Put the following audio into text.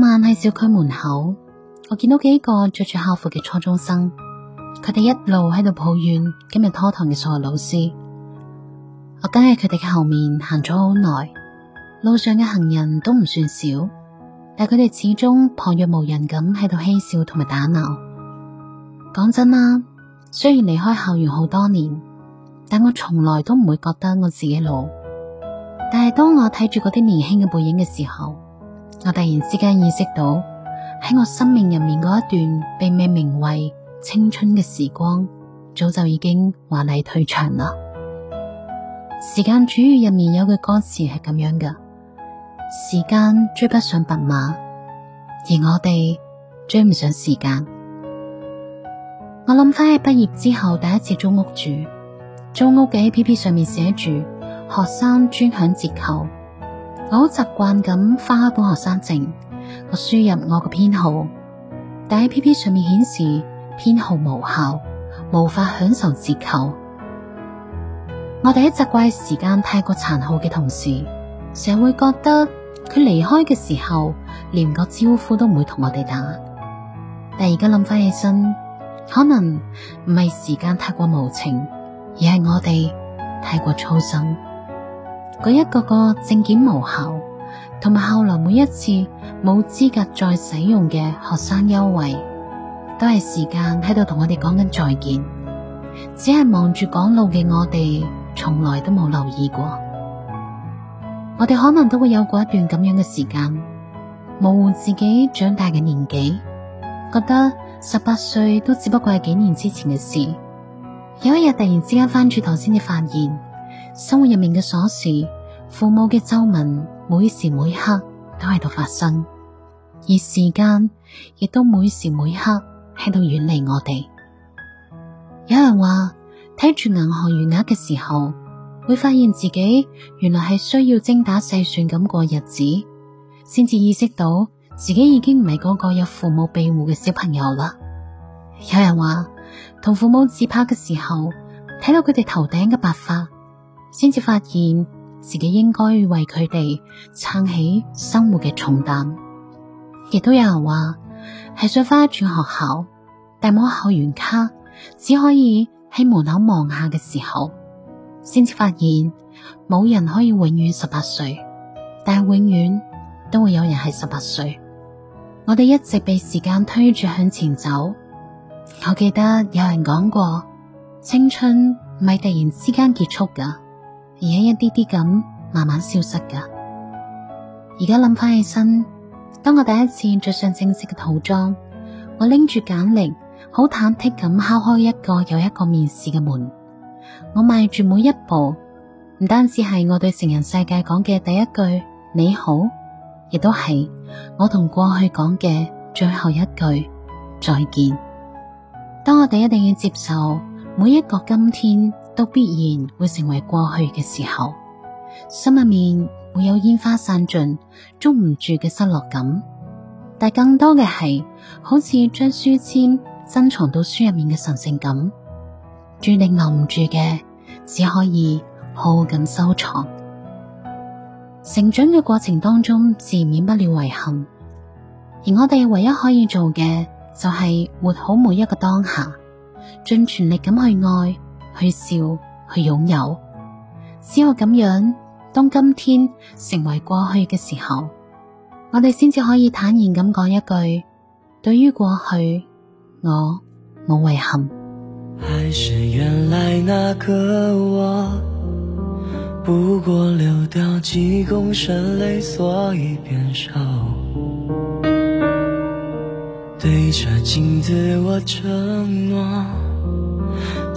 琴晚喺小區門口，我見到幾個着住校服嘅初中生，佢哋一路喺度抱怨今日拖堂嘅數學老師。我跟喺佢哋嘅後面行咗好耐，路上嘅行人都唔算少，但佢哋始終旁若無人咁喺度嬉笑同埋打鬧。講真啦，雖然離開校園好多年，但我從來都唔會覺得我自己老。但係當我睇住嗰啲年輕嘅背影嘅時候，我突然之間意識到，喺我生命入面嗰一段並未名為青春嘅時光，早就已經華麗退場啦。時間煮雨入面有句歌詞係咁樣嘅：時間追不上白馬，而我哋追唔上時間。我諗翻起畢業之後第一次租屋住，租屋嘅 APP 上面寫住學生專享折扣。我好習慣咁翻開本學生證，我輸入我嘅編號，但喺 P P 上面顯示編號無效，無法享受折扣。我哋喺責怪時間太過殘酷嘅同時，成日會覺得佢離開嘅時候連個招呼都唔會同我哋打。但而家諗翻起身，可能唔係時間太過無情，而係我哋太過粗心。嗰一個個證件無效，同埋後來每一次冇資格再使用嘅學生優惠，都係時間喺度同我哋講緊再見，只係望住趕路嘅我哋，從來都冇留意過。我哋可能都會有過一段咁樣嘅時間，模糊自己長大嘅年紀，覺得十八歲都只不過係幾年之前嘅事。有一日突然之間翻轉頭先至發現。生活入面嘅瑣事、父母嘅皺紋，每時每刻都喺度發生，而時間亦都每時每刻喺度遠離我哋。有人話睇住銀行餘額嘅時候，會發現自己原來係需要精打細算咁過日子，先至意識到自己已經唔係嗰個有父母庇護嘅小朋友啦。有人話同父母自拍嘅時候，睇到佢哋頭頂嘅白髮。先至發現自己應該為佢哋撐起生活嘅重擔，亦都有人話係想翻轉學校，但冇校園卡，只可以喺門口望下嘅時候，先至發現冇人可以永遠十八歲，但係永遠都會有人係十八歲。我哋一直被時間推住向前走。我記得有人講過，青春咪突然之間結束噶。而係一啲啲咁慢慢消失噶。而家諗翻起身，當我第一次着上正式嘅套裝，我拎住簡歷，好忐忑咁敲開一個又一個面試嘅門，我邁住每一步，唔單止係我對成人世界講嘅第一句你好，亦都係我同過去講嘅最後一句再見。當我哋一定要接受每一個今天。都必然會成為過去嘅時候，心入面會有煙花散盡捉唔住嘅失落感，但更多嘅係好似將書籤珍藏到書入面嘅神聖感，注定留唔住嘅，只可以好好咁收藏。成長嘅過程當中自免不了遺憾，而我哋唯一可以做嘅就係、是、活好每一個當下，盡全力咁去愛，去笑，去擁有，只有咁樣，當今天成為過去嘅時候，我哋先至可以坦然咁講一句：對於過去，我冇遺憾。還是原來那個我，不過流掉幾公升淚，所以變少，對着鏡子，我承諾。